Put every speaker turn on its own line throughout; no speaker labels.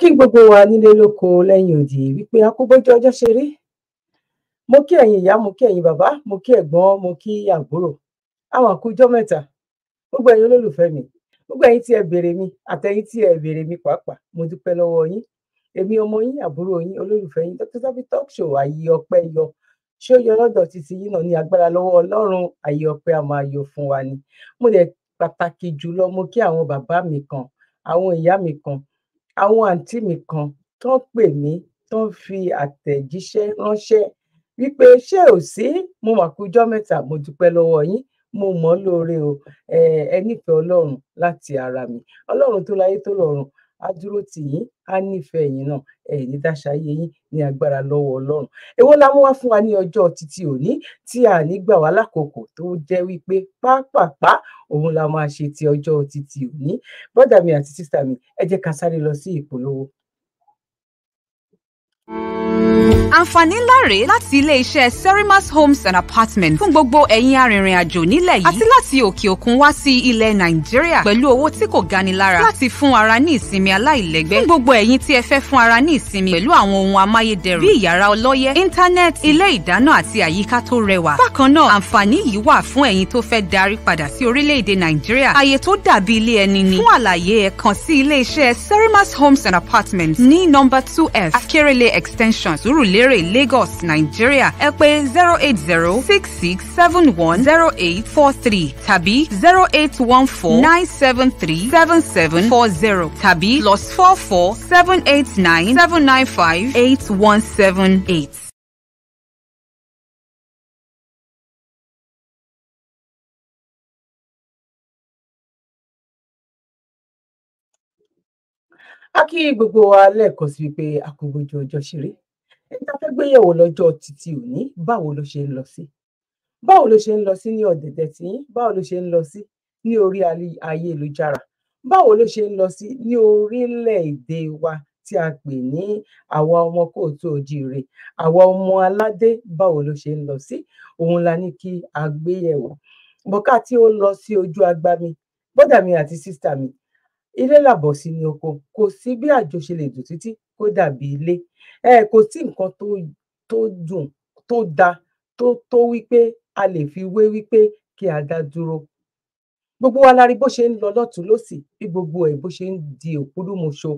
kí gbogbo wa nílé lóko lẹ́yìn òdì wípé a kó bójú ọjọ́ ṣe rí mo kí ẹ̀yin ìyá mo kí ẹ̀yin bàbá mo kí ẹ̀gbọ́n mo kí àbúrò àwọn àkójọ mẹ́ta gbogbo ẹ̀yin olólùfẹ́ mi gbogbo ẹ̀yin tí ẹ béèrè mi àtẹ̀yin tí ẹ béèrè mi pàápàá mo dúpẹ́ lọ́wọ́ yín èmi ọmọ yín àbúrò yín olólùfẹ́ yín Dr. Zabby Talk Show àyè ọpẹ́ yọ ṣé ó yọ lọ́dọ̀ títí yín náà ní agbára lọ́wọ́ Ọlọ́run àyè ọpẹ́ a máa yọ fún wa ni mo lè pàtàkì jùlọ mo kí àwọn bàbá mi kan àwọn ìyá mi kan àwọn àǹtí mi kan tó ń pè mí tó ń fi àtẹ̀jíṣẹ́ ránṣẹ́ wípé ṣé ò sí mo mà kú ọjọ́ mẹ́ta mo dúpẹ́ lọ́wọ́ yín mo mọ̀ ọ́ lóore o ẹ nífẹ̀ẹ́ ọlọ́run láti ara mi ọlọ́run tó láyé tó lọ́run á dúró tì yín á nífẹ̀ẹ́ yín náà ẹ̀yìn ní dáṣáyé yín ní agbára lọ́wọ́ ọlọ́run èwo la mú wá fún wa ní ọjọ́ títí òní tí a ní gbà wá lákòókò tó jẹ́ wípé pápápá òun la máa ṣe ti ọjọ́ títí òní bọ́dà mi àti sísà mi ẹ jẹ́ ká sáré lọ sí ìpolówó
àǹfààní ńlá rèé láti ilé-iṣẹ́ serimas homes and apartments fún gbogbo ẹ̀yin arìnrìn-àjò nílẹ̀ yìí àti láti òkè òkun wá sí ilẹ̀ nàìjíríà pẹ̀lú owó tí kò ganilára láti fún ara ní ìsinmi aláìlẹ́gbẹ́ fún gbogbo ẹ̀yin tí ẹ fẹ́ fún ara ní ìsinmi pẹ̀lú àwọn ohun amáyédẹrùn bíi yàrá ọlọ́yẹ́ íńtánẹ́ẹ̀tì ilé ìdáná àti àyíká tó rẹwà bákan náà àǹfààní yìí wà fún ẹ̀yin tó fẹ́ darí padà ni fún àlàyé ẹ kàn sí ilé-iṣẹ́ homes and apartments ní nọ́mbà two f akérèlé extension sùúrùlérè Ìkéré Lagos Nigeria ẹ pè zero eight zero six six seven one zero eight four three tàbí zero eight one four nine seven three seven seven four zero tàbí plus four four seven eight nine seven nine
five eight one seven eight. a kí gbogbo wa lẹ́ẹ̀kan sí pé a kò gbójú ọjọ́ ṣeré tá a fẹ́ gbéyẹ̀wò lọ́jọ́ títí òní báwo ló ṣe ń lọ sí báwo ló ṣe ń lọ sí ní ọ̀dẹ̀dẹ̀ tí báwo ló ṣe ń lọ sí ní orí ayélujára báwo ló ṣe ń lọ sí ní orílẹ̀-èdè wa tí a pè ní àwa ọmọ kóòtù òjíire àwa ọmọ aládé báwo ló ṣe ń lọ sí òun la ní kí a gbéyẹ̀wò bọ́ká tí ó lọ sí ojú agbami bọ́dà mi àti sísítà mi ilé làbọ̀ sí ní oko kò sí bí àjọṣe lè dùn títí kó dàbí ilé ẹ kò sí nǹkan tó tó dùn tó da tó tó wípé a lè fi wé wípé kí a dá dúró gbogbo wa la rí bó ṣe ń lọ lọ́tún lọ́sì bí gbogbo ẹ̀ bó ṣe ń di òkúrúmuṣo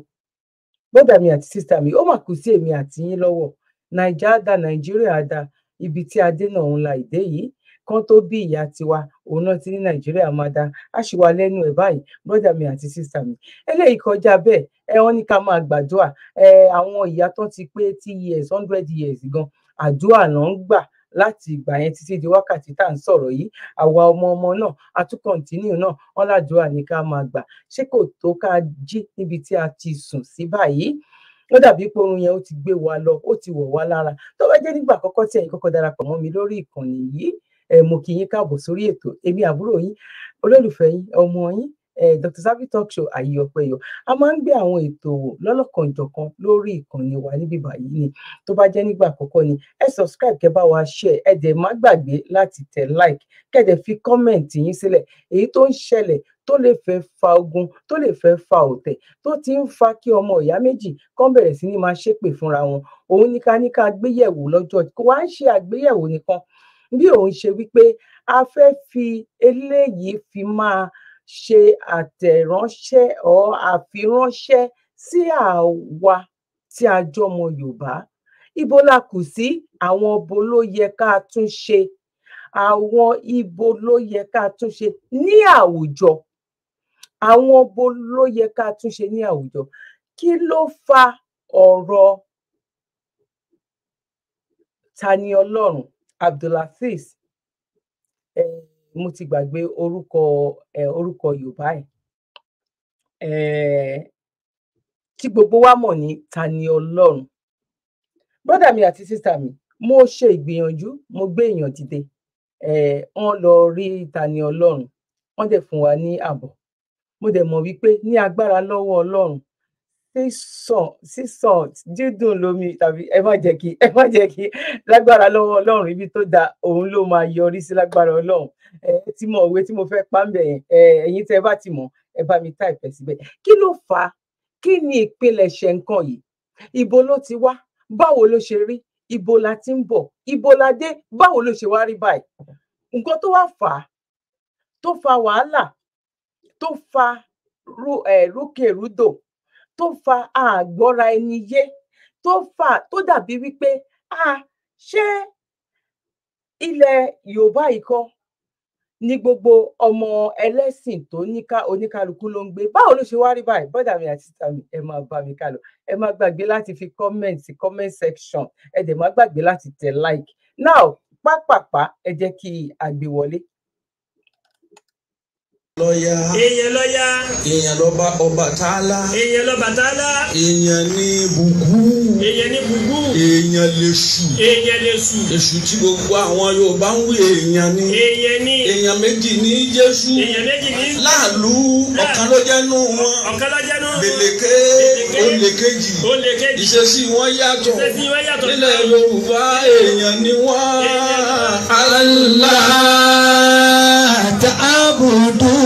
bọ́dà mi àti sísá mi ó mà kù sí èmi àti yín lọ́wọ́ nàìjà á da nàìjíríà da ibi tí adé náà ń la ìdé yìí kán tó bí ìyá tiwa òun náà ti ní nàìjíríà máa da a sì wà lẹ́nu ẹ̀ báyìí brọ́dà mi àti sísà mi eléyìí kọjá bẹ́ẹ̀ ẹ wọ́n ní ká máa gbàdúrà àwọn ìyá tó ti pé tí years hundred years gan àdúrà náà ń gbà láti ìgbà yẹn títí di wákàtí tá à ń sọ̀rọ̀ yìí àwa ọmọ ọmọ náà a tún kọ̀ǹtínú náà wọn ládùúrà ní ká máa gbà ṣé kò tó ká jí níbi tí a ti sùn sí báyìí ó dàbí pé oorun yẹn ó ti gbé wa lọ ó ti wọ̀ wá lára tó bá jẹ́ nígbà àkọ́kọ́ tí ẹ̀yin kọ́kọ́ darapọ̀ mọ́ mi lórí ìkànnì yìí mo kì í yín káàbọ̀ sórí ètò èmi àbúrò yín olólùfẹ́ yín ọmọ yín Dr. Zabby Talk Show àyè ọpẹyọ a máa ń gbé àwọn ètò wò lọ́lọ́kanjọ̀kan lórí ìkànnì wa níbí báyìí ni tó bá jẹ́ nígbà àkọ́kọ́ ni ẹ subscribe kẹ́ bá wa share ẹ dẹ̀ má gbàgbé láti tẹ̀ like kẹ́ dẹ̀ fi comment yín sílẹ̀ èyí tó ń ṣẹlẹ̀ tó lè fẹ́ fa ogun tó lè fẹ́ fa ọ̀tẹ̀ tó ti ń fa kí ọmọ ìyá méjì kan bẹ̀rẹ̀ sí ní máa ṣépè fúnra wọn òun ní ká ní ká gbéyẹ̀wò lọ́jọ́ kó wá ń ṣe àgbéyẹ̀wò nìkan bí òun ṣe wípé a fẹ́ fi eléyìí fi máa ṣe àtẹ̀ránṣẹ́ ọ̀ àfiránṣẹ́ sí àwa tí a jọmọ Yorùbá ibo la kù sí àwọn ibo ló yẹ ká tún ṣe àwọn ibo ló yẹ ká tún ṣe ní àwùjọ àwọn ibo ló yẹ ká tún ṣe ní àwùjọ kí ló fa ọ̀rọ̀ ta ni Ọlọ́run abdulhafiz um mo ti gbàgbé orúkọ um orúkọ yorùbá ẹ tí gbogbo wa mọ̀ ní Tani Olohun brọ́dà mi àti sísá mi mo ṣe ìgbìyànjú mo gbé èèyàn dìde wọ́n lọ rí Tani Olohun wọ́n dẹ̀ fún wa ní àbọ̀ mo dẹ̀ mọ̀ wípé ní agbára lọ́wọ́ Ọlọ́run sísọ dídùn lómi tàbí ẹ má jẹ́ kí ẹ má jẹ́ kí lágbára lọ́wọ́ Ọlọ́run ibi tó da òun ló máa yọrí sí lágbára Ọlọ́run ẹ tí mo òwe tí mo fẹ́ pa ń bẹ yẹn ẹ ẹ̀yin tẹ́ bá ti mọ̀ ẹ bá mi táìpẹ síbẹ̀ kí ló fà á kí ni ìpilẹ̀ṣẹ̀ nǹkan yìí ibo ló ti wá báwo ló ṣe rí ibo la ti ń bọ̀ ibo la dé báwo ló ṣe wá rí báyìí nǹkan tó wá fà á tó fa wàhálà tó fa rú ẹ rúkèrúdò tó fa àgbọ́ra ẹni yé tó fa tó dàbí wípé a ṣé ilẹ̀ Yorùbá yìí kọ́ ni gbogbo ọmọ ẹlẹ́sìn tó níká oníkálukú ló ń gbé báwo ló ṣe wá rí báyìí bọ́dà mi àti sísá mi ẹ máa bá mi ká ẹ má gbàgbé láti fi comment sí comment section ẹ dẹ̀ má gbàgbé láti tẹ̀ like now pápápá ẹ jẹ́ kí a gbé wọlé lọ́yà. èèyàn lọ́yà.
èèyàn lọ́ba Ọbàtálá.
èèyàn l'Ọbàtálá. èèyàn ní bùkú.
èèyàn ní bùkú. èèyàn l'Èṣù. èèyàn l'Èṣù. Èṣù tí gbogbo àwọn Yorùbá ń wí èèyàn ni. èèyàn ni. èèyàn méjì ní Jésù. èèyàn méjì ní. láàlú ọ̀kan ló jẹ́nu wọn. ọ̀kan ló jẹ́nu. gbèlèké olè kejì. ìṣesí wọn yàtọ̀. ìṣesí wọn yàtọ̀. nílẹ̀ Yorùbá èèyàn ni wọ́n. Allah ta'abudu.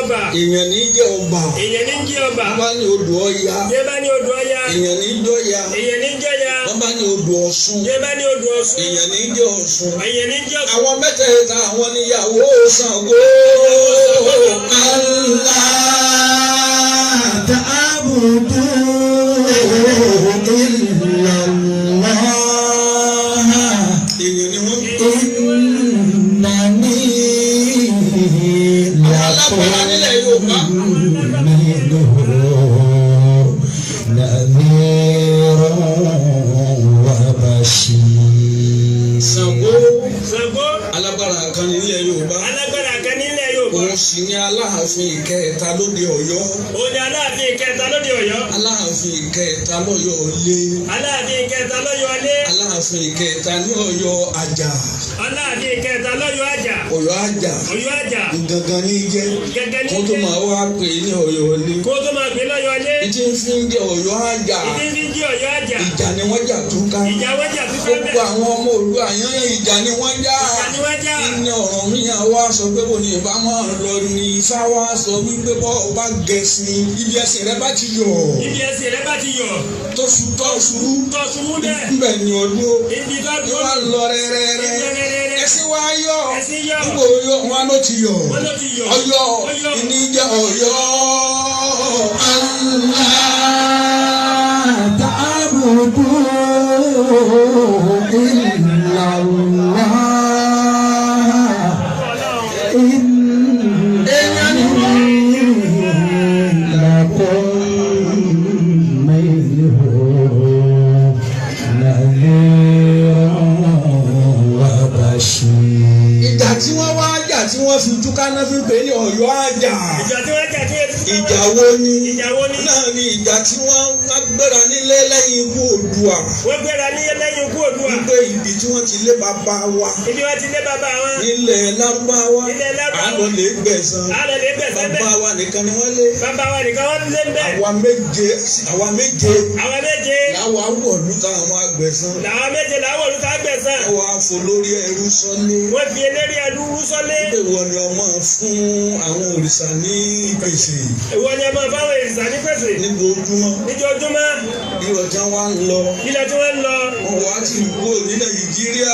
ọba. èèyàn ní jẹ́ ọba. èèyàn ní jẹ́ ọba. wọ́n bá ní odò ọya. yẹ bá ní odò ọya. èèyàn ní jọ́ya. èèyàn ní jọ́ya. wọ́n bá odò ọ̀ṣun. yẹ bá odò ọ̀ṣun. èèyàn ní jẹ́ ọ̀ṣun. èèyàn ní àwọn mẹ́tẹ̀ẹ̀ta àwọn níyàwó Ṣàngó. ọ̀yọ́ àjà. gangan ní jẹ́ kó tó máa wá pè ní ọ̀yọ́ ilé. kó máa pè é lọ́yọ́ ilé. ìdí ń fi ń jẹ ọ̀yọ́ àjà. ìdí ń fi ń jẹ ọ̀yọ́ àjà. ìjà ni wọ́n jà túká. ìjà wọ́n jà túká bẹ́ẹ̀. gbogbo àwọn ọmọ òru àyàn ìjà ni wọ́n jà. ìjà ni wọ́n jà. ìní ọ̀rọ̀ mi yàn wá sọ pé kò ní ìbá máa lọ ní ifá wá sọ wípé bọ́ ọ bá gẹ̀ẹ́sì ibi ẹsẹ̀ rẹ bá ti yọ̀. ibi ẹsẹ̀ rẹ bá ti yọ̀. tó ẹ̀sìn wa yọ nígbà oyọ wọn ló ti yọ ọyọ ìníjà ọyọ. tí wọ́n wá jà tí wọ́n fi ojú kaná fi pè ní ọ̀yọ́ àjà. ìjà wo ni náà ni ìjà tí wọ́n gbéra nílé lẹ́yìn ikú Oòduà. wọ́n ibi tí wọ́n ti lé bàbá wa. ilẹ̀ Lárúbáwá. àlọ́ lè gbẹ̀san. bàbá wa nìkan ni wọ́n lé. àwa méje àwa méje. làwọn awọ̀lú ta àwọn agbẹ̀san. làwọn méje làwọn awọ̀lú ó wá fún lórí ẹrú sọ́lé. wọ́n fi eléré ẹrú rú sọ́lé. wípé ìwọ ni ọmọ fún àwọn òrìṣà ní ìpèsè. ìwọ ni ọmọ fáwọn òrìṣà ní pèsè. níbi ojúmọ́. níbi ojúmọ́. bí ọjà wa ń lọ. ilẹ̀ tí wọ́n ń lọ. wọn wá ti kúrò ní nàìjíríà.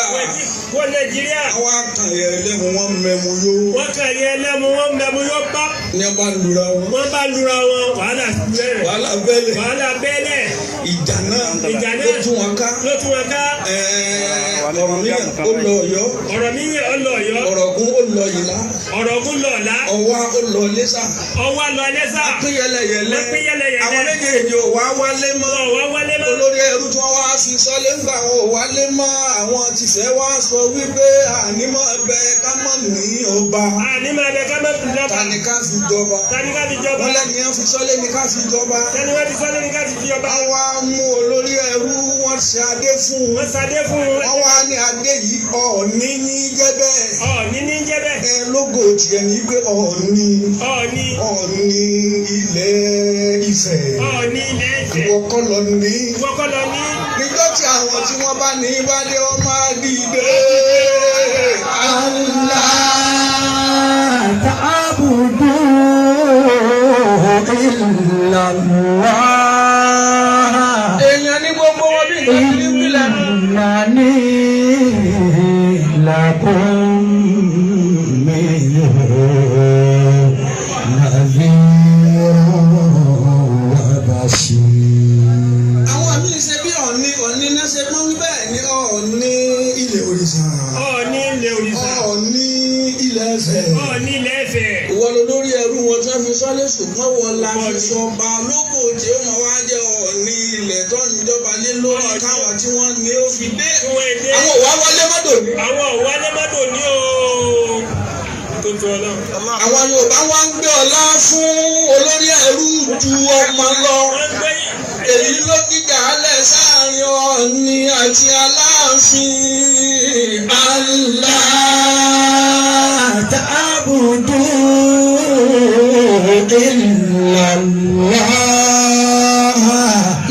kúrò nàìjíríà. àwa kàn yẹ ẹlẹ́mu wọn mẹ́mu yó. wọ́n kàn yẹ ẹlẹ́mu wọn mẹ́mu yó bá. ní bá lura wọn. wọ́n bá lura wọn wàhálà bẹ́lẹ̀. wàhálà bẹ́lẹ̀. wàhálà bẹ́lẹ̀. ìjà náà. ìjà náà ló tún wọn ká. ló tún wọn ká. ẹẹ ọ̀rọ̀ míyàn ó lọ ọ̀yọ́. ọ̀rọ̀ míyàn ó lọ ọ̀yọ́. ọ̀rọ̀gún ó lọ ìlà. ọ̀rọ̀gún lọ ọ̀la. ọ̀wá ó lọ lẹ́sà. ọ̀wá lọ lẹ́sà. apínyẹlẹyẹlẹ. apínyẹlẹyẹlẹ. àwọn méjèèjì ò wá wálé mọ́. ò wá wálé mọ́. olórí ẹrú tí wọ́n wá sí sọ́lé ńgbà wọn ò wálé mọ́. àwọn tìṣẹ́ wá sọ wípé ànímọ̀ ẹbẹ kámọ̀ ní ọba. ànímọ̀ ẹbẹ kámọ̀ ní ọba. tani ká fi jọba. tani ká fi jọba. wọ́n lẹ́ni fi sọ́lé ni ká fi jọba. tani wọ́n fi sọ́lé ni ká fi jọba. àwa mú olórí ẹrú wọ́n ṣe adé fún un. wọ́n ṣe adé fún un. àwa ní adé yìí ọ̀ọ́ni ní jẹ́ bẹ́ẹ̀. ọ̀ọ́ni ní jẹ́ bẹ́ẹ̀. ẹ lógo tiẹ̀ ní pé ọ̀ọ́ni. ọ̀ọ́ni. ọ̀ọ́ni ilẹ̀ Ifẹ̀. ọ̀ọ́ni ilẹ̀ Ifẹ̀. wọ́kọ́ lọ ní. wọ́kọ́ lọ ní. nígbà tí àwọn tí wọ́n bá ní bá dé ọmọ adìde. ọmọ lọ èyí ló dìjà alẹ́ sáàrin ọ̀ọ́ni àti aláàfin aláàtàbùdù
ìlàlá.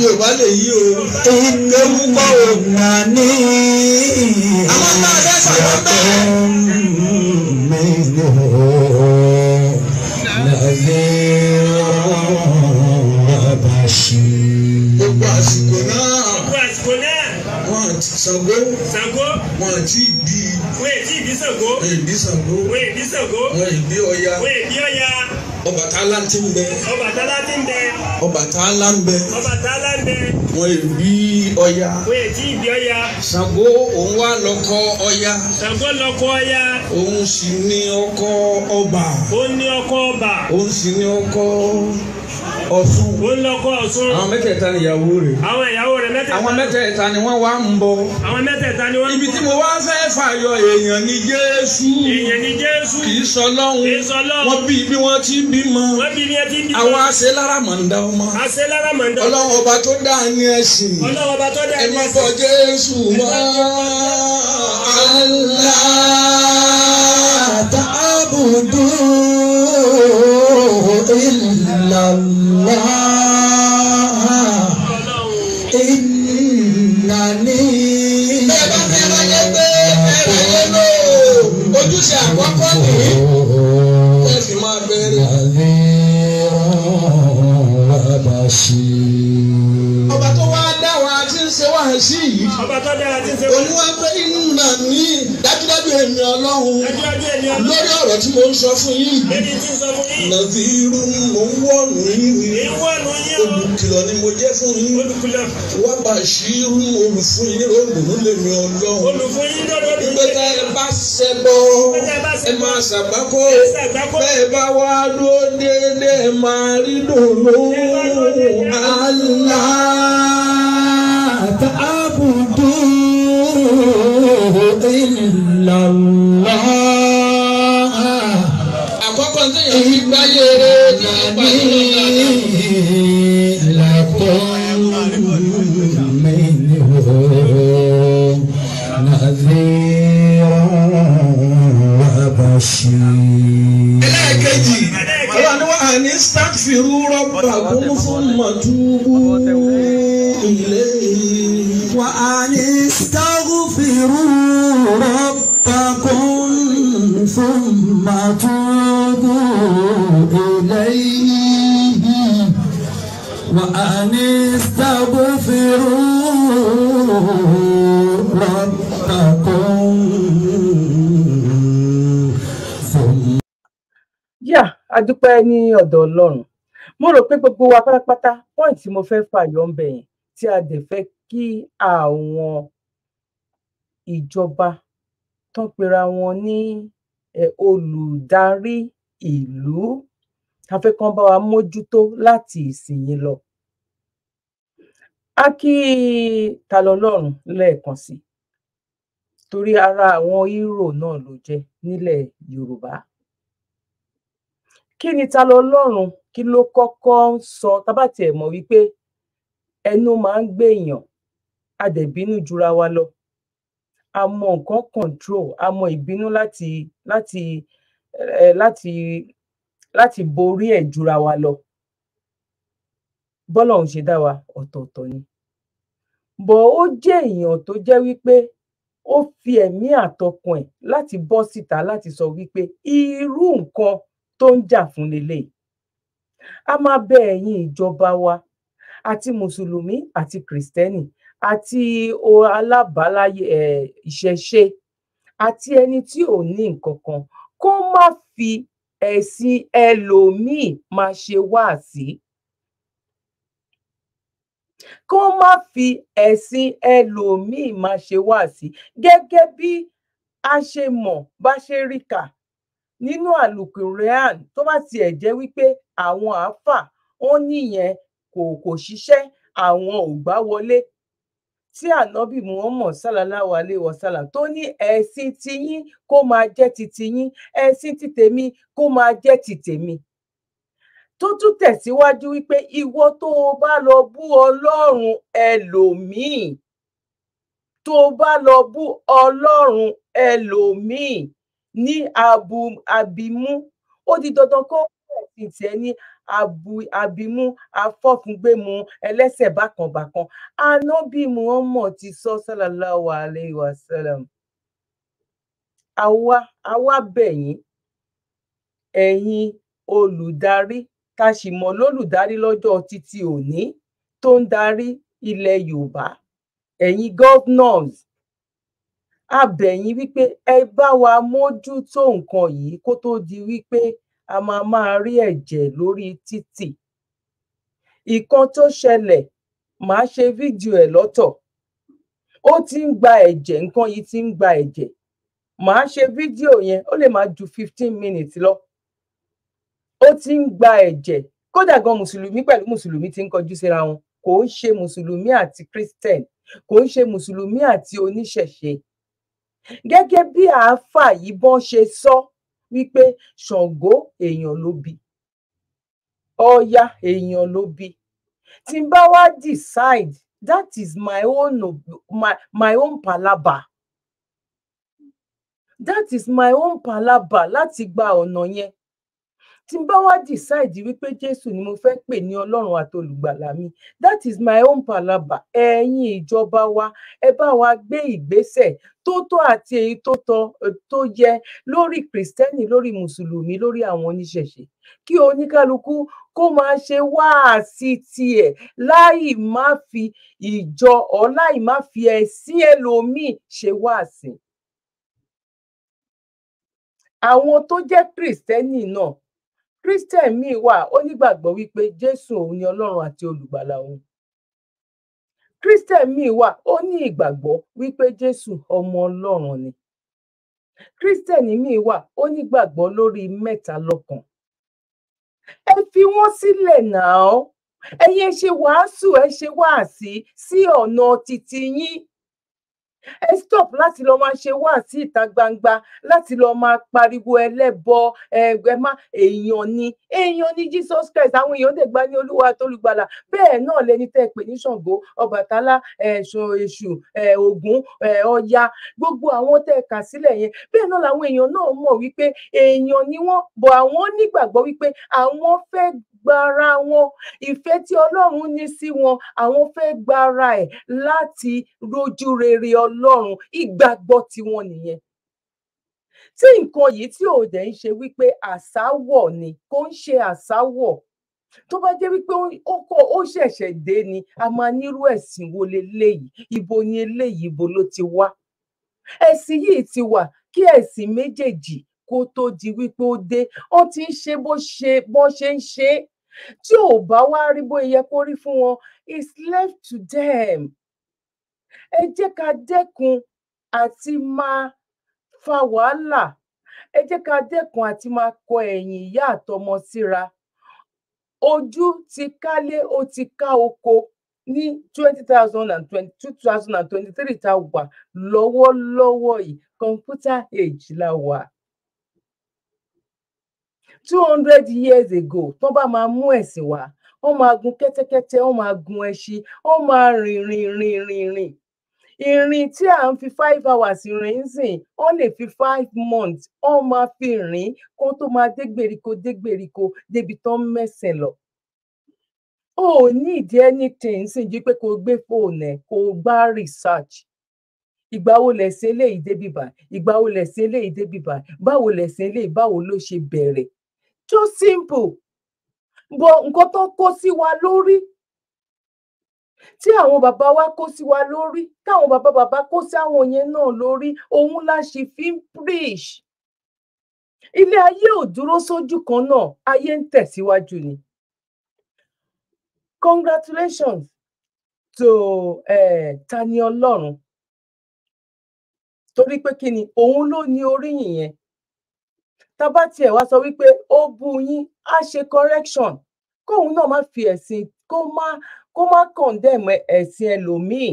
yorùbá lè yí o ewu kọ́ ò nà ní. tí ì bí. wọ́n è tí ì bí Ṣàngó. wọ́n è bí Ṣàngó. wọ́n è bí Ṣàngó. wọ́n è bí Ọya. bi è bí Ọya. Ọbàtálá ti ń bẹ. Ọbàtálá ti ń bẹ. Ọbàtálá ń bẹ. Ọbàtálá ń bẹ. Wọ́n è bí Ọya. Wọ́n è tí ì bí Ọya. Ṣàngó òun wá lọ́kọ Ọya. Ṣàngó lọ́kọ Ọya. Òun sì ni ọkọ ọba. Ó ní ọkọ ọba. Òun sì ni ọkọ ọ̀ṣun. ó ń lọ́kọ ọ̀ṣun. àwọn mẹ́tẹ̀ẹ̀ta ni ìyàwó rẹ̀. àwọn ìyàwó rẹ̀ mẹ́tẹ̀ẹ̀ta. àwọn mẹ́tẹ̀ẹ̀ta ni wọ́n wá ń bọ. àwọn mẹ́tẹ̀ẹ̀ta ni wọ́n ibi tí mo wá fẹ́ fàyọ èèyàn ni jésù. èèyàn ni jésù. kì í sọ lọ́hùn. kì í sọ lọ́hùn. wọ́n bí bí wọ́n ti bímọ. wọ́n bí bí wọ́n ti bímọ. àwọn aṣelára mọ̀ ń dá ọmọ. aṣelára mọ̀ Allah ta'budu illallah ìnáni. bẹ́ẹ̀ ojúṣe àkọ́kọ́. hàn sí yìí. olúwa pé inú nà ní dájúdájú èmi ọlọ́run lórí ọ̀rọ̀ tí mo ń sọ fún yìí. nàbí irú mo ń wọ̀nù yín olùkìlọ̀ ni mo jẹ́ fún yín. wọ́n bá ṣí irú olùfún yín olùdùnú lèmi ọlọ́run. pípẹ́ tá ẹ bá ṣẹbọ ẹ máa ṣàgbákò bẹ́ẹ̀ bá wá dúró déédéé máa rí dùnú. Allah. تعبدوا إلا الله إنني لكم منه نذيرا وبشيرا أن استغفروا ربكم ثم توبوا إليه ثم توبوا إليه
dúpẹ́ ní ọ̀dọ̀ Ọlọ́run mo rò pé gbogbo wa pátápátá point tí mo fẹ́ fàyọ ń bẹ̀ yẹn tí a dẹ̀ fẹ́ kí àwọn ìjọba tán pera wọn ní olùdarí ìlú a fẹ́ kán bá wa mójútó láti ìsinyìí lọ a kí talọlọ́run lẹ́ẹ̀kan sí torí ara àwọn hero náà ló jẹ́ nílẹ̀ yorùbá kí ni talọlọ́run kí ló kọ́kọ́ sọ tá bá tiẹ̀ mọ̀ wípé ẹnu máa ń gbèèyàn a jura wa lọ a mọ nǹkan control a mọ ìbínú láti láti eh, láti láti borí ẹ̀ jura wa lọ bọ́lọ́run ṣe dá wa ọ̀tọ̀ọ̀tọ̀ ni bọ̀ ó jẹ́ èèyàn tó jẹ́ wípé ó fi ẹ̀mí àtọkùn ẹ̀ láti bọ́ síta láti sọ wípé irú nǹkan tó ń jà fún lélẹ̀ a máa bẹ ẹ̀yin ìjọba wa àti mùsùlùmí àti kìrìsìtẹ́nì àti alábàáláyé um ìṣẹ̀ṣe àti ẹni tí ò ní nǹkan kan kó má fi ẹ̀sìn ẹlòmíì máa ṣe wáàsí kó má fi ẹ̀sìn ẹlòmíì máa ṣe wáàsí gẹ́gẹ́ bí a ṣe mọ̀ bá ṣe rí kà nínú àlùkùrẹ́àn tó bá tiẹ̀ jẹ́ wípé àwọn àáfà ó níyẹn kò kò ṣiṣẹ́ àwọn ò gbá wọlé tí ànábì muhammed sallallahu alayhi wa sallam tó ní ẹ̀sìn tiyín kó máa jẹ́ ti tiyín ẹ̀sìn ti tèmi kó máa jẹ́ ti tèmi tó tún tẹ̀síwájú wípé ìwọ tó o bá lọ bú ọlọ́run ẹlòmíì tó o bá lọ bú ọlọ́run ẹlòmíì ní abimú ó di dandan kó òfin tiẹ̀ ní abimú afọ́fúngbẹ́mu ẹlẹ́sẹ̀ bákanbàkan anábì muhammad ti sọ sallallahu alayhi wa sallam àwa àwa bẹ̀yìn ẹ̀yin olùdarí ta sì mọ̀ lólùdarí lọ́jọ́ títí òní tó ń darí ilẹ̀ yorùbá ẹ̀yin governors a wípé ẹ bá wa mójútó nǹkan yìí kó tó di wípé a máa máa rí ẹ̀jẹ̀ lórí títì ìkan tó ṣẹlẹ̀ màá ṣe fídíò ẹ̀ lọ́tọ̀ ó ti ń gba ẹ̀jẹ̀ nǹkan yìí ti ń gba ẹ̀jẹ̀ màá ṣe fídíò yẹn ó lè máa ju fifteen minutes lọ ó ti ń gba ẹ̀jẹ̀ kódà gan mùsùlùmí pẹ̀lú mùsùlùmí ti ń kọjú síra wọn kò ń ṣe mùsùlùmí àti christian kò ń ṣe mùsùlùmí àti oníṣẹ̀ṣe gẹ́gẹ́ bí àáfà yìí bọ́n ṣe sọ. So, wípé ṣàngó èèyàn ló bí ọya èèyàn ló bí tí n bá wá decide that is my own my, my own palaba that is my own palaba láti gba ọ̀nà yẹn tí n bá wá decide wípé jésù ni mo fẹ́ pè ní ọlọ́run àtolùgbàlà mi that is my own palaba ẹ̀yin ìjọba wa ẹ bá wa gbé ìgbésẹ̀ tó tọ́ àti èyí tó tọ́ eh, tó yẹ lórí kìrìsìtẹ́nì lórí mùsùlùmí lórí àwọn oníṣẹ̀ṣe kí oníkálukú kó máa ṣe wáàsí tiẹ̀ láì má fi ìjọ ọ̀ láì má fi ẹ̀sìn ẹlòmíì ṣe wáàsí àwọn tó jẹ́ kìrìsìtẹ́nì náà christian míì wà ó nígbàgbọ́ wípé jésù òun ni ọlọ́run àti olùgbàlà òun christian míì wà ó ní ìgbàgbọ́ wípé jésù ọmọ ọlọ́run ni christian míì wà ó nígbàgbọ́ lórí mẹ́ta lọ́kan ẹ fi wọ́n sílẹ̀ náà ẹ̀yin ẹ ṣe wàásù ẹ ṣe wáàsí sí ọ̀nà títí yín ẹ stop láti lọ máa ṣe wá sí ìta gbangba láti lọ máa pariwo ẹlẹ́bọ ẹ má èèyàn ni èèyàn ni Jesus Christ àwọn èèyàn dẹ̀ gba ní olúwa tólùgbàlà bẹ́ẹ̀ náà lẹni tẹ́ ẹ pè ní Ṣàngó Ọbàtálá ẹ̀ṣọ́ èṣù Ògún Ọya gbogbo àwọn tẹ́ ẹ kà sílẹ̀ yẹn bẹ́ẹ̀ náà làwọn èèyàn náà mọ̀ wípé èèyàn ni wọ́n bọ̀ àwọn nígbàgbọ́ wípé àwọn fẹ́ gbara wọn ìfẹ́ tí Ọlọ́run ní sí wọn àwọn fẹ́ gbara ẹ̀ láti rojú rere Ọlọ́run ọlọ́run ìgbàgbọ́ tiwọn nìyẹn tí nǹkan yìí tí ò dẹ̀ ń ṣe wípé àsáwọ̀ ni kò ń ṣe àsáwọ̀ tó bá jẹ́ wípé ó kọ́ ó ṣẹ̀ṣẹ̀ dé ni a máa nírú ẹ̀sìn wo leléyìí ibo ni eléyìí ibo ló ti wá ẹ̀sìn yìí ti wà kí ẹ̀sìn méjèèjì kó tó di wípé ó dé wọ́n ti ń ṣe bó ṣe bọ́n ṣe ń ṣe tí ò bá wá rí bó yẹ kó rí fún wọn it's left to them ẹ jẹ́ ká dẹ́kun àti máa fa wàhálà ẹ jẹ́ ká dẹ́kun àti máa kọ ẹ̀yìn ìyá àtọmọ síra ojú ti kálé ó ti ká oko ní twenty thousand and twenty two thousand and twenty three tá wà lọ́wọ́lọ́wọ́ yìí computer age la wà two hundred years ago tó bá máa mú ẹ̀sìn wá wọ́n máa gun kẹ́tẹ́kẹ́tẹ́ wọ́n máa gun ẹṣin wọ́n máa rìn rìn rìn rìn rìn ìrìn tí à ń fi five hours rìn ń sìn wọn lè fi five months wọn máa fi rìn kó tó máa dé gbèríko dé gbèríko débi tán mẹ́sẹ̀ lọ o ní ìdí anything sìn jí pé kó gbé fóònù ẹ kó gbá research ìgbà wo lẹ̀sìn eléyìí débi bá ìgbà wo lẹ̀sìn eléyìí débi bá báwo lẹ̀sìn eléyìí báwo ló ṣe bẹ̀rẹ̀ too simple bọ nǹkan tó kó sí wa lórí tí àwọn bàbá wa kó sí wa lórí táwọn bàbá bàbá kó sí àwọn yẹn náà lórí òun la ṣe fi ń preach ilé ayé ò dúró sójú kan náà ayé ń tẹ̀síwájú ni. congratulations to eh, Tani Ọlọ́run torí pé kí ni òun ló ní oríyìn yẹn tá bá tiẹ̀ wá sọ wípé ó bu yín á ṣe correction kóun náà má fi ẹ̀sìn kó má kó má kọ̀ǹdẹ̀mù ẹ̀sìn ẹlòmíì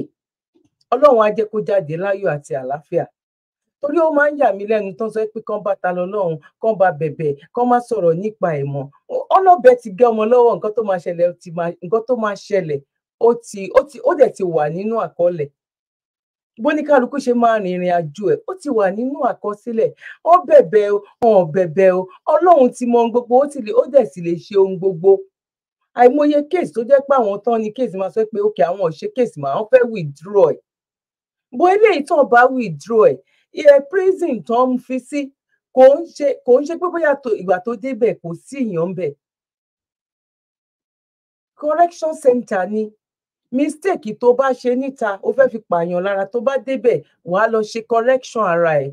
ọlọ́run á jẹ́ kó jáde láyọ̀ àti àlàáfíà torí ó máa ń yà mí lẹ́nu tó ń sọ pé kán bá ta lọ lọ́hùn kán bá bẹ̀bẹ̀ kán má sọ̀rọ̀ nípa ẹ̀ mọ́ ọlọ́bẹ ti gé ọmọ lọ́wọ́ nǹkan tó máa ṣẹlẹ̀ nǹkan tó máa ṣẹlẹ̀ ó ti ó ti ó dẹ̀ ti wà nínú àkọọ́lẹ̀ bóníkálukú ṣe máa rin ìrìn àjò ẹ̀ ó ti wà nínú àkọsílẹ̀ ó bẹ̀bẹ̀ o hàn bẹ̀bẹ̀ o ọlọ́run ti mọ ohun gbogbo ó dẹ̀ sì lè ṣe ohun gbogbo àìmọye kéèsì tó jẹ́ pé àwọn tán ni kéèsì máa sọ pé òkè àwọn ò ṣe kéèsì máa wọ́n fẹ́ withdraw ẹ̀ bó eléyìí tán bá withdraw ẹ̀ ẹ̀ prison tán ń fi sí kò ń ṣe kò ń ṣe pé bóyá ìgbà tó débẹ̀ kò sí èèyàn ń bẹ̀ correction center ni mistake tó bá ṣe níta ó fẹ́ fi pààyàn lára tó bá débẹ̀ wàá lọ ṣe correction ara ẹ̀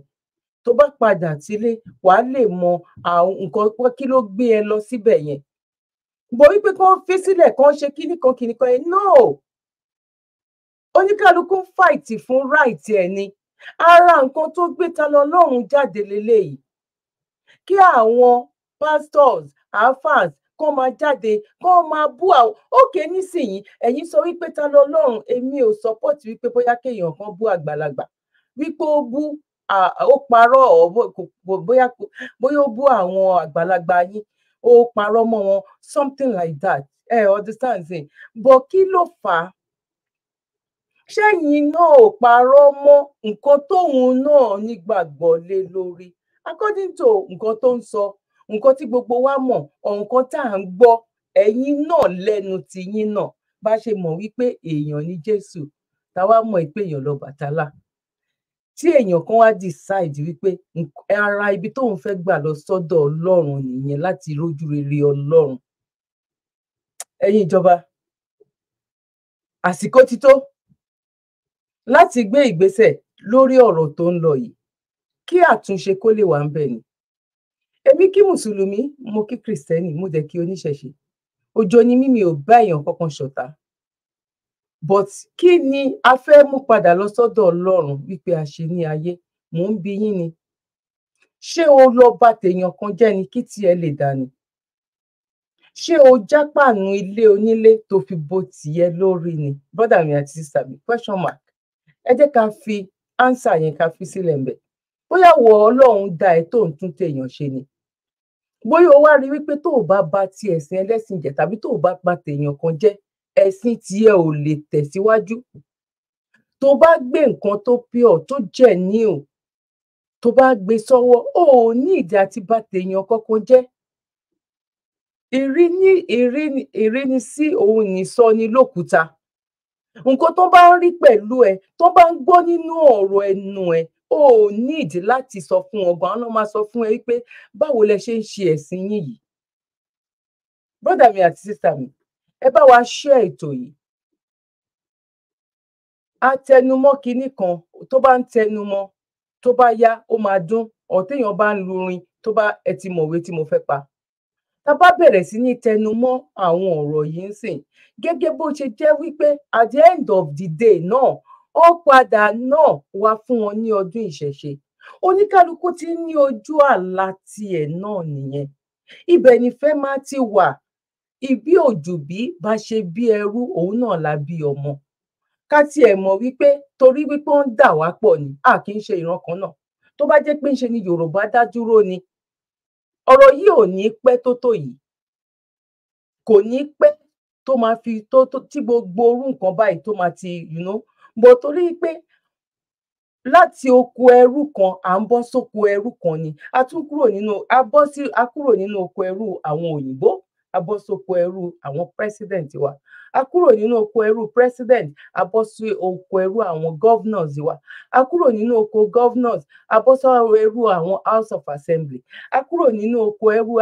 tó bá padà sílé wàá lè mọ àwọn nǹkan kí ló gbé ẹ lọ síbẹ̀ yẹn bó wípé kán fi sílẹ̀ kán ṣe kíní kan kíní kan ẹ̀ náà oníkálukú fàìtì fún ráìtì ẹ̀ ni ara nǹkan tó gbé ta lọ lọ́rùn jáde lélẹ́yìí kí àwọn pastors alphas kán máa jáde kán máa bú àwọn òkè nísìnyí ẹ̀yin sọ wípé ta lọ lọ́rùn èmi ò sọ́pọ̀tì wípé bóyá kéèyàn kan bú àgbàlagbà wípé ó bú ó parọ́ bóyá ó bú àwọn àgbàlagbà yín ó parọ́ mọ́ wọn something like that ẹ eh, understand me but kí ló fà á ṣẹ́yìn náà ò parọ́ mọ́ nǹkan tóun náà nígbàgbọ́ lé lórí according to nǹkan tó ń sọ nǹkan tí gbogbo wa mọ̀ ọ̀nkan tá à ń gbọ́ ẹ̀yin náà lẹ́nu tiyín náà bá ṣe mọ̀ wípé èèyàn ni Jésù táwa mọ̀ pé lọ Bàtálá tí èèyàn kan wá decide wípé ara ibi tóun fẹ́ gbà lọ sọ́dọ̀ ọlọ́run nìyẹn láti rójú rere ọlọ́run ẹ̀yin ìjọba àsìkò ti tó láti gbé ìgbésẹ̀ lórí ọ̀rọ̀ tó ń lọ yìí kí àtúnṣe kó lè wà ń bẹ̀ ni èmi kí mùsùlùmí mo kí kìrìsìtẹ́nì mo dẹ̀ kí oníṣẹ̀ṣe òjò ni mímì ò bá èèyàn kankan ṣọ̀tá but kí ni a fẹ́ mú padà lọ sọ́dọ̀ ọlọ́run wípé a ṣe ní ayé mò ń bi yín ni ṣé o lọ bà tèèyàn kan jẹ́ ni kí tiẹ̀ lè dànù ṣé o jápàánù ilé onílé tó fi bo tìyẹ lórí ni brother mi àti sister mi question mark ẹ jẹ́ ká fi answer yẹn ká fi sílẹ̀ ńbẹ̀ bóyá wọ ọlọ́run dá ẹ tó ń tún tèèyàn ṣe ni bóyá o wá rí wípé tó o bá bà ti ẹ̀sìn ẹlẹ́sìn jẹ́ tàbí tó o bá bà tèèyàn kan jẹ́ ẹ̀sìn tiẹ̀ ò lè tẹ̀síwájú tó bá gbé nǹkan tó pure tó jẹ́ new tó bá gbé sọ́wọ́ ó ní ìdí àti bá tèèyàn kọ́kọ́ jẹ́ ìrínisí òun nìsọ ni lókùúta nǹkan tó bá ń rí pẹ̀lú ẹ tó bá ń gbọ́ nínú ọ̀rọ̀ ẹnu ẹ ó ní ìdí láti sọ fún ọgbọ́n àwọn máa sọ fún ẹ pé báwo lẹ ṣe ń ṣe ẹ̀sìn yìí brọ́dà mi àti sísà mi ẹ bá wa share ètò yìí a tẹnumọ́ kinní kan tó bá ń tẹnumọ́ tó bá yá ó máa dún ọ̀tẹ̀yàn bá ń lurin tó bá ẹ ti mọ̀wé tí mo fẹ́ pa tá a sí ní tẹnumọ́ àwọn ọ̀rọ̀ yìí ń sìn gẹ́gẹ́ bó ṣe jẹ́ wípé at the end of the day náà ó padà náà wá fún wọn ní ọdún ìṣẹ̀ṣe oníkálukú ti ní ojú àlá tiẹ̀ náà nìyẹn ibẹ̀ ni fẹ́ máa ti wà Ibi òjù bí bá ṣe bí ẹrú òun náà la bí ọmọ ká tiẹ̀ mọ̀ wípé torí wípé wọ́n ń dà wá pọ̀ ni a kì í ṣe ìran kan náà tó bá jẹ́ pé ń ṣe ni Yorùbá dá dúró ni ọ̀rọ̀ yìí ò ní pẹ́ tó tó yìí kò ní pẹ́ tó máa fi tó tí gbogbo orú nǹkan báyìí tó máa ti you know bọ̀ torí pé láti oko ẹrú kan à ń bọ́ sóko ẹrú kan ni a tún kúrò nínú a bọ́ sí a kúrò nínú oko ẹrú àwọn òyìnbó a bọ́ sóko ẹrú àwọn president wa a kúrò nínú oko ẹrú president a bọ́ sí oko ẹrú àwọn governors wa a kúrò nínú oko governors a ẹrú àwọn house of assembly a kúrò nínú oko ẹrú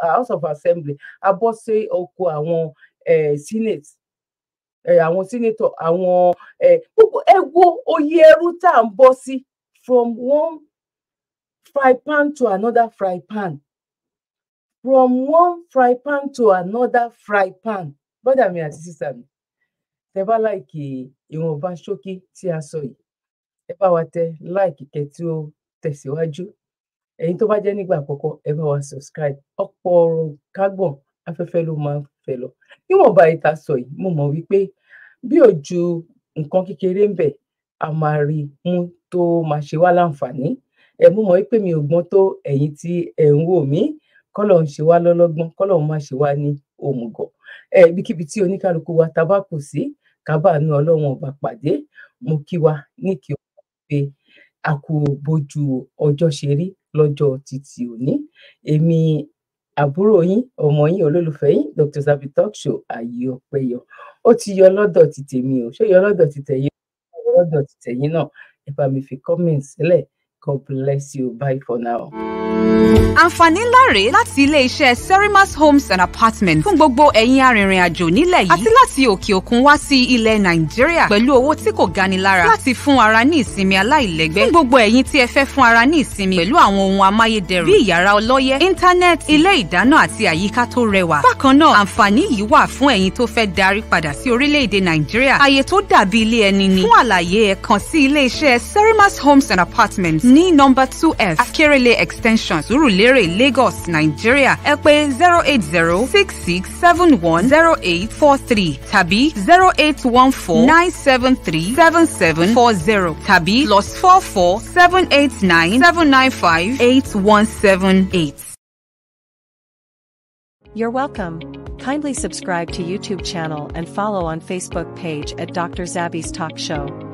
house of assembly a bọ́ sí oko àwọn senate àwọn senator àwọn gbogbo ẹ wo oyè ẹrú tá à ń bọ́ sí from one fry pan to another fry pan from one fry pan to another fry pan bọ́dà mi àti sísà mi tẹ bá láìkì ìwọ̀nba ṣókí tí a sọ yìí ẹ bá wa tẹ láìkì kẹ tí ó tẹ̀síwájú ẹ̀yin tó bá jẹ́ nígbà àkọ́kọ́ ẹ bá wa subscribe ọ̀pọ̀ ọ̀rọ̀ kágbọ̀n afẹ́fẹ́ ló máa ń fẹ́ lọ níwọ̀nba ìta sọ yìí mo mọ̀ wípé bí ò ju nǹkan kékeré ń bẹ a máa rí mú tó máa ṣe wá láǹfààní ẹ mú mọ̀ wípé mi ò gbọ́n tó ẹ̀yin tí ẹ ń wò mí kọ́lọ̀ ń ṣe wá lọ́lọ́gbọ́n kọ́lọ̀ ń má ṣe wá ní òmùgọ̀ ẹ ibikíbi tí oníkálukú wa tá a bá kù sí kábàánú ọlọ́run ọba pàdé mo kí wa ní kí o pé a kò bójú ọjọ́ ṣe rí lọ́jọ́ títí òní èmi àbúrò yín ọmọ yín olólùfẹ́ yín Dr. Zabby Talk Show ayé ọpẹ yọ ó ti yọ lọ́dọ̀ ti tèmi o ṣé yọ lọ́dọ̀ ti tẹ̀yìn lọ́dọ̀ ti náà ẹ bá mi fi comment sílẹ̀. God bless you. Bye for now.
Àǹfààní ńlá rèé láti ilé-iṣẹ́ Serimas Homes and Apartments fún gbogbo ẹ̀yin arìnrìn-àjò nílẹ̀ yìí àti láti òkè òkun wá sí ilẹ̀ Nàìjíríà pẹ̀lú owó tí kò ganilára láti fún ara ní ìsinmi aláìlẹ́gbẹ́ fún gbogbo ẹ̀yin tí ẹ fẹ́ fún ara ní ìsinmi pẹ̀lú àwọn ohun amáyédẹrùn bíi ìyàrá ọlọ́yẹ́, íńtánẹ́ẹ̀tì, ilé ìdáná àti àyíká tó rẹwà. Bákan náà, àǹfààní yìí wà fún ẹ̀yin tó fẹ́ darí padà sí orílẹ̀-èdè Nàìjíríà. Homes and Apartments ní nọ́mbà two f akérèlé extension surulere lagos nigeria ẹ pè zero eight zero six six seven one zero eight four three tàbí zero eight one four nine seven three seven seven four zero tàbí plus four four seven eight nine seven nine five eight one seven eight.
You're welcome. Kindly subscribe to YouTube channel and follow on Facebook page at Dr. Zabby's Talk Show.